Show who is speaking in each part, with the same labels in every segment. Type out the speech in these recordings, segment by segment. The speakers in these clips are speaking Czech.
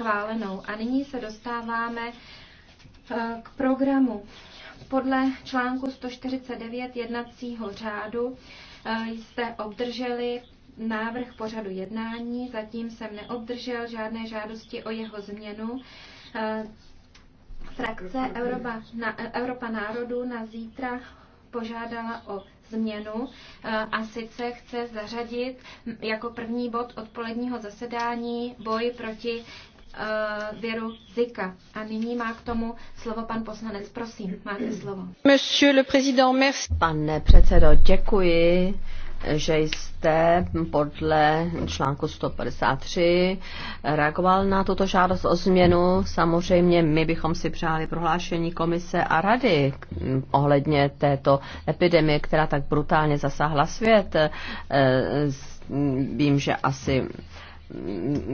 Speaker 1: schválenou. A nyní se dostáváme eh, k programu. Podle článku 149 jednacího řádu eh, jste obdrželi návrh pořadu jednání. Zatím jsem neobdržel žádné žádosti o jeho změnu. Eh, frakce Europa, na, Europa národů na zítra požádala o změnu a sice chce zařadit jako první bod odpoledního zasedání boj proti Eh, viru Zika. A nyní má k tomu slovo pan poslanec. Prosím, máte slovo.
Speaker 2: Monsieur le président, merci. Pane předsedo, děkuji že jste podle článku 153 reagoval na tuto žádost o změnu. Samozřejmě my bychom si přáli prohlášení komise a rady ohledně této epidemie, která tak brutálně zasáhla svět. Eh, vím, že asi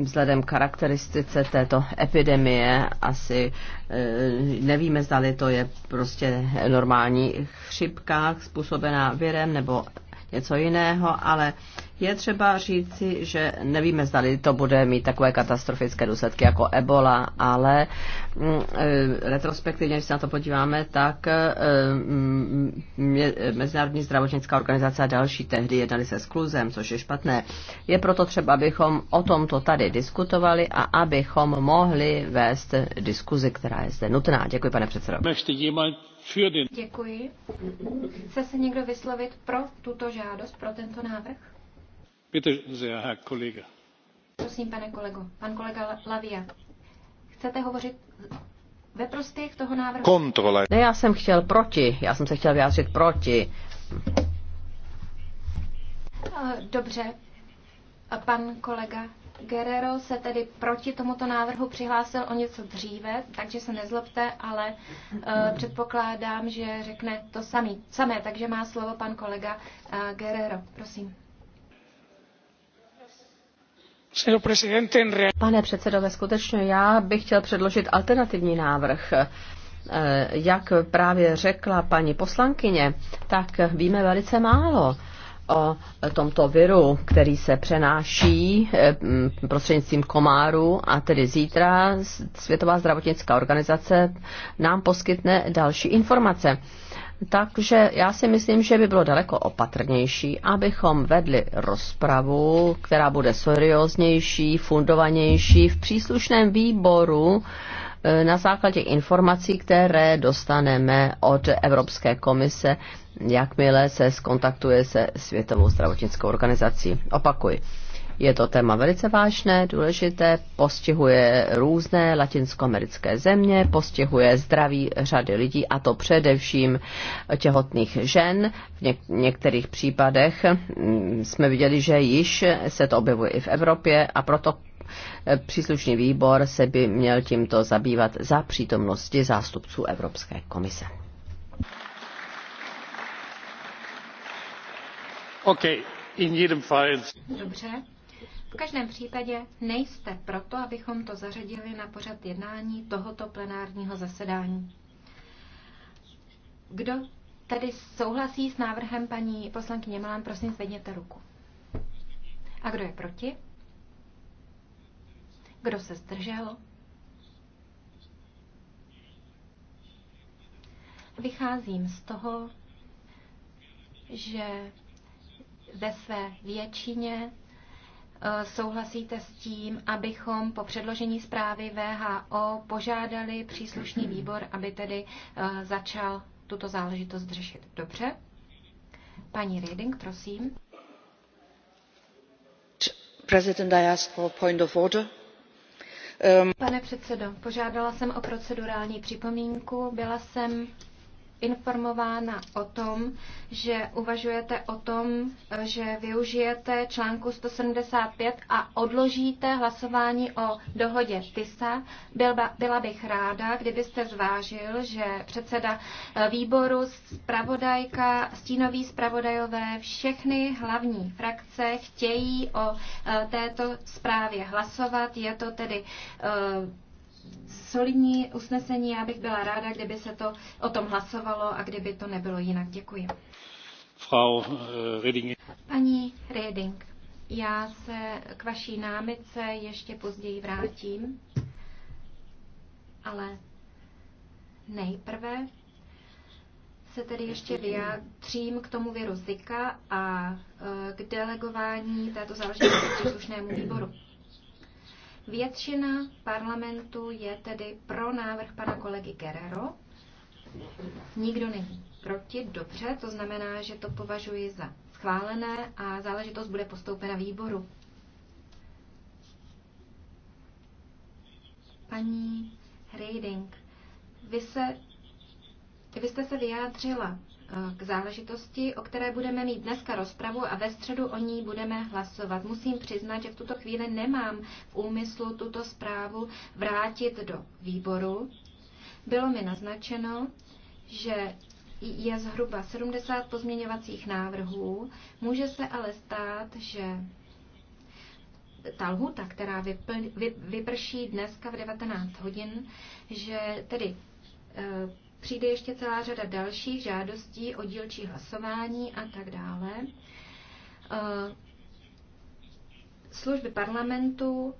Speaker 2: vzhledem charakteristice této epidemie asi e, nevíme, zda to je prostě normální chřipka způsobená virem nebo něco jiného, ale je třeba říci, že nevíme, zda to bude mít takové katastrofické důsledky jako ebola, ale mm, e, retrospektivně, když se na to podíváme, tak e, mm, Mezinárodní zdravotnická organizace a další tehdy jednali se s kluzem, což je špatné. Je proto třeba, abychom o tomto tady diskutovali a abychom mohli vést diskuzi, která je zde nutná. Děkuji, pane předsedo.
Speaker 1: Děkuji. Chce se někdo vyslovit pro tuto žádost, pro tento návrh? Prosím, pane kolego. Pan kolega Lavia. Chcete hovořit ve prospěch toho návrhu? Kontrole. Ne,
Speaker 2: já jsem chtěl proti. Já jsem se chtěl vyjádřit proti.
Speaker 1: Eh, dobře. A pan kolega Guerrero se tedy proti tomuto návrhu přihlásil o něco dříve, takže se nezlobte, ale uh, předpokládám, že řekne to samý, samé, takže má slovo pan kolega uh, Guerrero.
Speaker 2: Prosím. Pane předsedo, ve skutečně já bych chtěl předložit alternativní návrh. Eh, jak právě řekla paní poslankyně, tak víme velice málo o tomto viru, který se přenáší eh, prostřednictvím komáru a tedy zítra Světová zdravotnická organizace nám poskytne další informace. Takže já si myslím, že by bylo daleko opatrnější, abychom vedli rozpravu, která bude serióznější, fundovanější v příslušném výboru e, na základě informací, které dostaneme od Evropské komise, jakmile se skontaktuje se Světovou zdravotnickou organizací. Opakuji je to téma velice vážné, důležité, postihuje různé latinskoamerické země, postihuje zdraví řady lidí a to především těhotných žen. V něk- některých případech mm, jsme viděli, že již se to objevuje i v Evropě a proto e, příslušný výbor se by měl tímto zabývat za přítomnosti zástupců Evropské komise.
Speaker 3: Okay.
Speaker 1: Dobře. V každém případě nejste proto, abychom to zařadili na pořad jednání tohoto plenárního zasedání. Kdo tedy souhlasí s návrhem paní poslankyně Malán, prosím zvedněte ruku. A kdo je proti? Kdo se zdržel? Vycházím z toho, že ve své většině Eh, souhlasíte s tím, abychom po předložení zprávy VHO požádali příslušný výbor, aby tedy eh, začal tuto záležitost řešit. Dobře? Paní Reding, prosím.
Speaker 2: President, I ask for point of order. Um...
Speaker 1: Pane předsedo, požádala jsem o procedurální připomínku. Byla jsem informována o tom, že uvažujete o tom, že využijete článku 175 a odložíte hlasování o dohodě TISA. Byla bych ráda, kdybyste zvážil, že předseda eh, výboru, spravodajka, stínoví spravodajové, všechny hlavní frakce chtějí o eh, této zprávě hlasovat. Je to tedy eh, solidní usnesení. Já bych byla ráda, kdyby se to o tom hlasovalo a kdyby to nebylo jinak. Děkuji.
Speaker 2: Frau eh, Reding.
Speaker 1: Paní Reding, já se k vaší námice ještě později vrátím, ale nejprve se tedy ještě vyjádřím k tomu viru Zika a eh, k delegování této záležitosti příslušnému výboru. Většina parlamentu je tedy pro návrh pana kolegy Guerrero. Nikdo není proti, dobře, to znamená, že to považuji za schválené a záležitost bude postoupena výboru. Paní Reiding, vy, se, vy jste se vyjádřila k záležitosti, o které budeme mít dneska rozpravu a ve středu o ní budeme hlasovat. Musím přiznat, že v tuto chvíli nemám v úmyslu tuto zprávu vrátit do výboru. Bylo mi naznačeno, že je zhruba 70 pozměňovacích návrhů. Může se ale stát, že ta lhuta, která vyprší dneska v 19 hodin, že tedy eh, přijde ještě celá řada dalších žádostí o dílčí hlasování a tak dále. Eh, služby parlamentu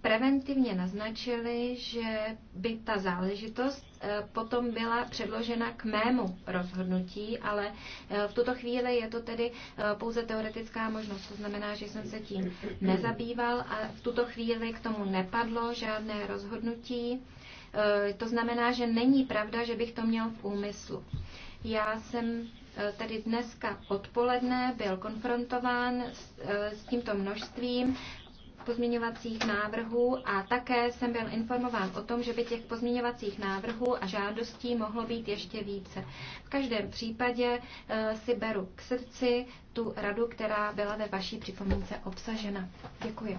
Speaker 1: preventivně naznačily, že by ta záležitost eh, potom byla předložena k mému rozhodnutí, ale eh, v tuto chvíli je to tedy pouze teoretická možnost. To znamená, že jsem se tím nezabýval a v tuto chvíli k tomu nepadlo žádné rozhodnutí. Eh, to znamená, že není pravda, že bych to měl v úmyslu. Já jsem eh, tedy dneska odpoledne byl konfrontován s, eh, s tímto množstvím pozměňovacích návrhů a také jsem byl informován o tom, že by těch pozměňovacích návrhů a žádostí mohlo být ještě více. V každém případě si beru k srdci tu radu, která byla ve vaší připomínce obsažena. Děkuji.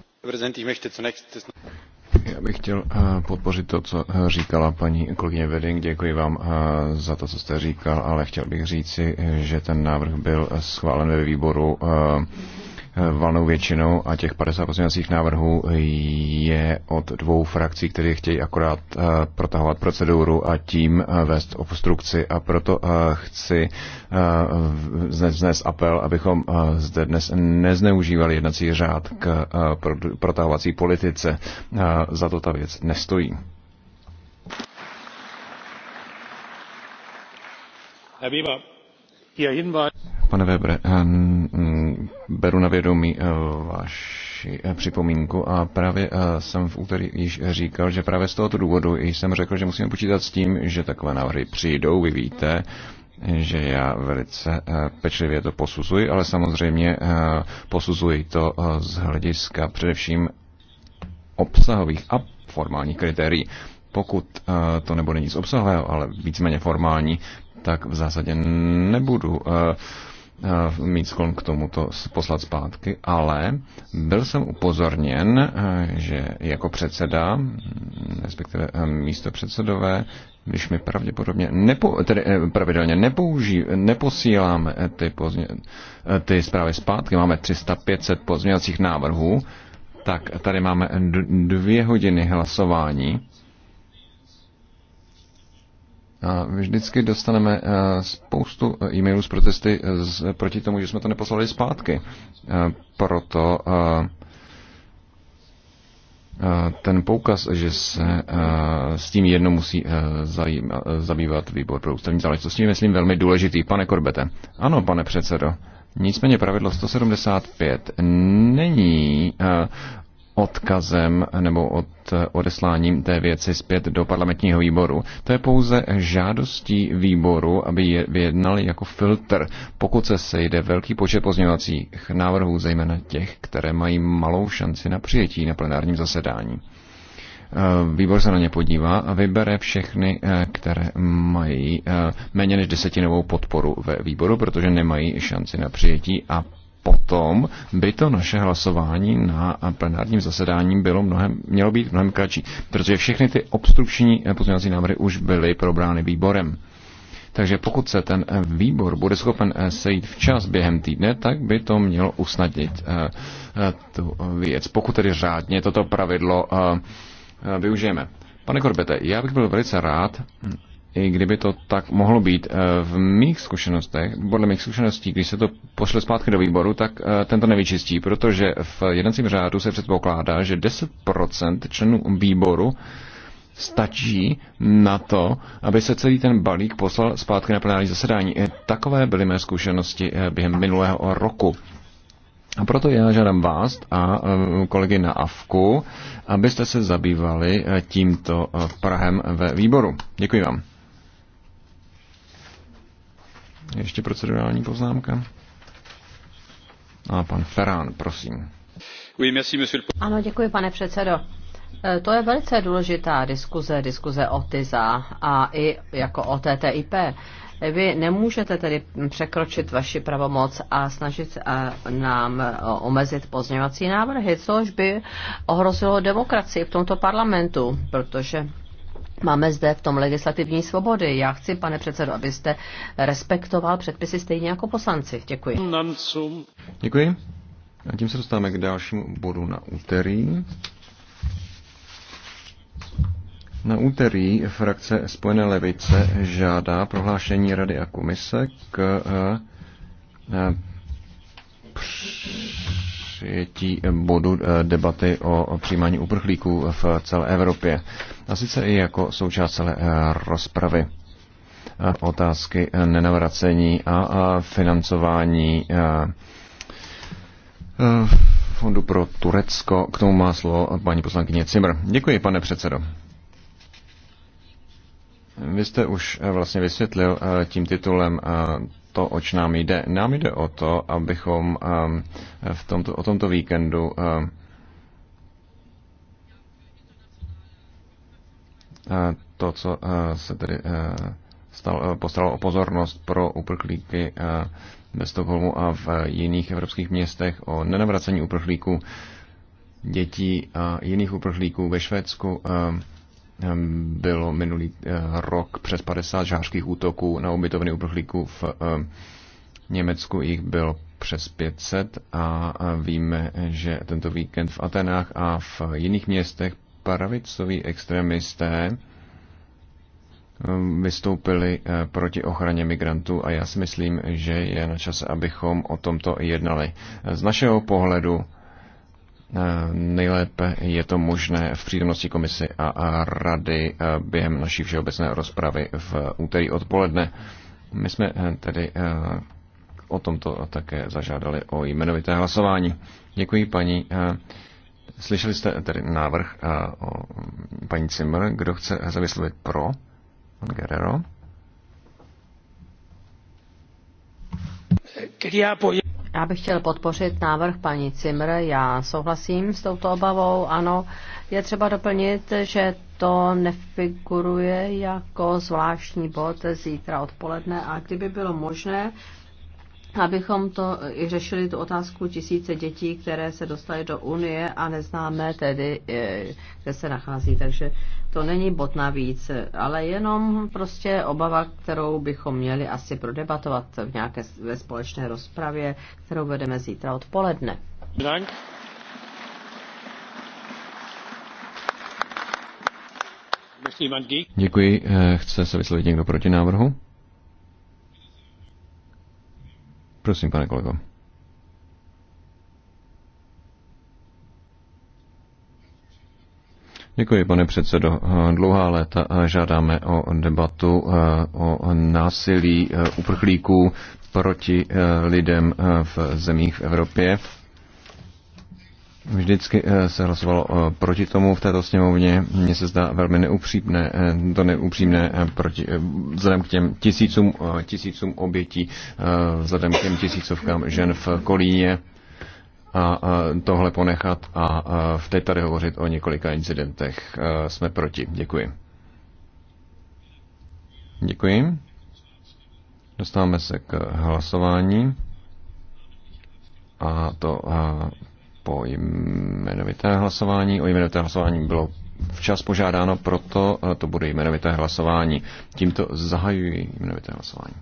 Speaker 3: Já bych chtěl eh, podpořit to, co eh, říkala paní kolegyně Veding. Děkuji vám eh, za to, co jste říkal, ale chtěl bych říci, že ten návrh byl schválen ve výboru valnou většinou a těch 50 pozměňovacích návrhů je od dvou frakcí, které chtějí akorát eh, protahovat proceduru a tím eh, vést obstrukci a proto eh, chci dnes apel, abychom zde dnes nezneužívali jednací řád k protahovací politice. Za to ta věc nestojí. Herr Weber, Ihr Hinweis pane Weber. Eh, beru na vědomí eh, vaši eh, připomínku a právě jsem v úterý již říkal, že právě z tohoto důvodu jsem řekl, že musíme počítat s tím, že takové návrhy přijdou, vy víte, že já velice pečlivě to posuzuji, ale samozřejmě posuzuji to z hlediska především obsahových a formálních kritérií. Pokud to nebude nic obsahového, ale víceméně formální, tak v zásadě nebudu Eh, mít sklon k to poslat zpátky, ale byl jsem upozorněn, eh, že jako předseda, mm, respektive eh, místo předsedové, když my pravděpodobně nepo, tedy pravidelně nepouží, neposíláme ty, pozně, ty zprávy zpátky, máme 300-500 pozměňovacích návrhů, tak tady máme dvě hodiny hlasování a vždycky dostaneme eh, spoustu eh, e-mailů z protesty eh, z, proti tomu, že jsme to neposlali zpátky. Proto ten poukaz, že se s tím jedno musí zabývat výbor pro ústavní záležitosti, je, myslím, velmi důležitý. Pane Korbete. Ano, pane předsedo. Nicméně pravidlo 175 není odkazem nebo od eh, odesláním té věci zpět do parlamentního výboru. To je pouze žádostí výboru, aby je vyjednali jako filtr, pokud se sejde velký počet pozměňovacích návrhů, zejména těch, které mají malou šanci na přijetí na plenárním zasedání. Eh, výbor se na ně podívá a vybere všechny, eh, které mají méně než desetinovou podporu ve výboru, protože nemají šanci na přijetí a potom by to naše hlasování na plenárním zasedání bylo mnohem, mělo být mnohem kratší, protože všechny ty obstrukční eh, pozměňovací návrhy už byly probrány výborem. Takže pokud se ten eh, výbor bude schopen eh, sejít včas během týdne, tak by to mělo usnadnit tu věc, pokud tedy řádně toto pravidlo využijeme. Pane Korbete, já bych byl velice rád, i kdyby to tak mohlo být, eh, v mých zkušenostech, podle mých zkušeností, když se to pošle zpátky do výboru, tak eh, ten to nevyčistí, protože v jednacím řádu se předpokládá, že 10% členů výboru stačí na to, aby se celý ten balík poslal zpátky na plenární zasedání. Eh, takové byly mé zkušenosti během minulého roku. A proto já žádám vás a kolegy na AFKu, abyste se zabývali tímto Prahem ve výboru. Děkuji vám. Ještě procedurální poznámka. A pan Ferán, prosím.
Speaker 2: Ano, děkuji, pane předsedo. E, to je velice důležitá diskuze, diskuze o TISA a i jako o TTIP. Vy nemůžete tedy překročit vaši pravomoc a snažit nám e, omezit pozměňovací návrhy, což by ohrozilo demokracii v tomto parlamentu, protože Máme zde v tom legislativní svobody. Já chci, pane předsedo, abyste respektoval předpisy stejně jako poslanci. Děkuji.
Speaker 3: Děkuji. A tím se dostáváme k dalšímu bodu na úterý. Na úterý frakce Spojené levice žádá prohlášení Rady a komise k eh, přijetí bodu eh, debaty o přijímání uprchlíků v celé Evropě a sice i jako součást celé eh, rozpravy eh, otázky eh, nenavracení a financování Fondu pro Turecko. K tomu má slovo paní poslankyně Cimr. Děkuji, pane předsedo. Vy jste už vlastně vysvětlil tím titulem to, oč nám jde. Nám jde o to, abychom v tomto, o tomto víkendu Eh, to, co eh, se tedy postalo eh, postaralo o pozornost pro uprchlíky ve Stockholmu a v jiných evropských městech o nenavracení uprchlíků dětí a jiných uprchlíků ve Švédsku bylo minulý rok přes 50 žářských útoků na ubytovny uprchlíků v Německu jich bylo přes 500 a víme, že tento víkend v Atenách a v jiných městech pravicoví extremisté um, vystoupili eh, proti ochraně migrantů a já si myslím, že je na čase, abychom o tomto jednali. Z našeho pohledu eh, nejlépe je to možné v přítomnosti komisy a rady eh, během naší všeobecné rozpravy v úterý odpoledne. My jsme tedy o tomto také zažádali o jmenovité hlasování. Děkuji paní Slyšeli jste tady návrh eh, o paní Zimmer, kdo chce se vyslovit pro? Pan Guerrero.
Speaker 2: Já bych chtěl podpořit návrh paní Cimr. Já souhlasím s touto obavou. Ano, je třeba doplnit, že to nefiguruje jako zvláštní bod zítra odpoledne a kdyby bylo možné, abychom to i řešili tu otázku tisíce dětí, které se dostaly do Unie a neznáme tedy, eh, kde se nachází. Takže to není bod navíc, ale jenom prostě obava, kterou bychom měli asi prodebatovat v nějaké ve společné rozpravě, kterou vedeme zítra odpoledne. Dank.
Speaker 3: Děkuji. Eh, chce se vyslovit někdo proti návrhu? Prosím, pane kolego. Děkuji, pane předsedo. Dlouhá léta žádáme o debatu o násilí uprchlíků proti lidem v zemích v Evropě Vždycky eh, se hlasovalo eh, proti tomu v této sněmovně. Mně se zdá velmi neupřímné, eh, to neupřímné proti, vzhledem k těm tisícům, tisícům obětí, vzhledem k těm tisícovkám žen v Kolíně a tohle ponechat a v té tady hovořit o několika incidentech. Jsme proti. Děkuji. Děkuji. Dostáváme se k hlasování. A to po jmenovité hlasování. O jmenovité hlasování bylo včas požádáno, proto e, to bude jmenovité hlasování. Tímto zahajuji jmenovité hlasování.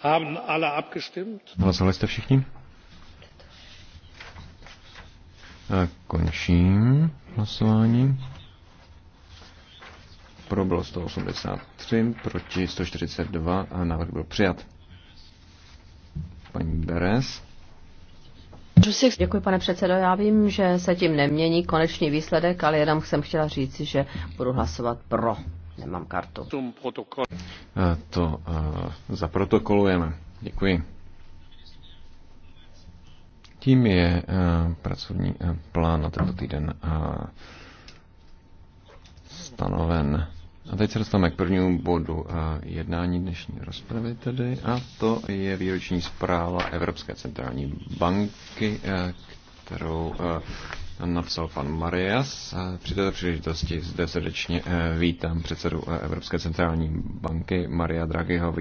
Speaker 2: Haben alle abgestimmt?
Speaker 3: Hlasovali jste všichni? Tak Končím hlasování. Pro bylo 183, proti 142 a návrh byl přijat. Paní Beres.
Speaker 2: Děkuji, pane předsedo. Já vím, že se tím nemění konečný výsledek, ale jenom jsem chtěla říct, že budu hlasovat
Speaker 3: pro. Nemám kartu. To eh, zaprotokolujeme. Děkuji. Tím je eh, pracovní eh, plán na tento týden eh, stanoven. A teď se dostáváme k prvnímu bodu jednání dnešní rozpravy tedy, a to je výroční zpráva Evropské centrální banky, kterou napsal pan Marias. Při této příležitosti zde srdečně vítám předsedu Evropské centrální banky Maria Draghiho.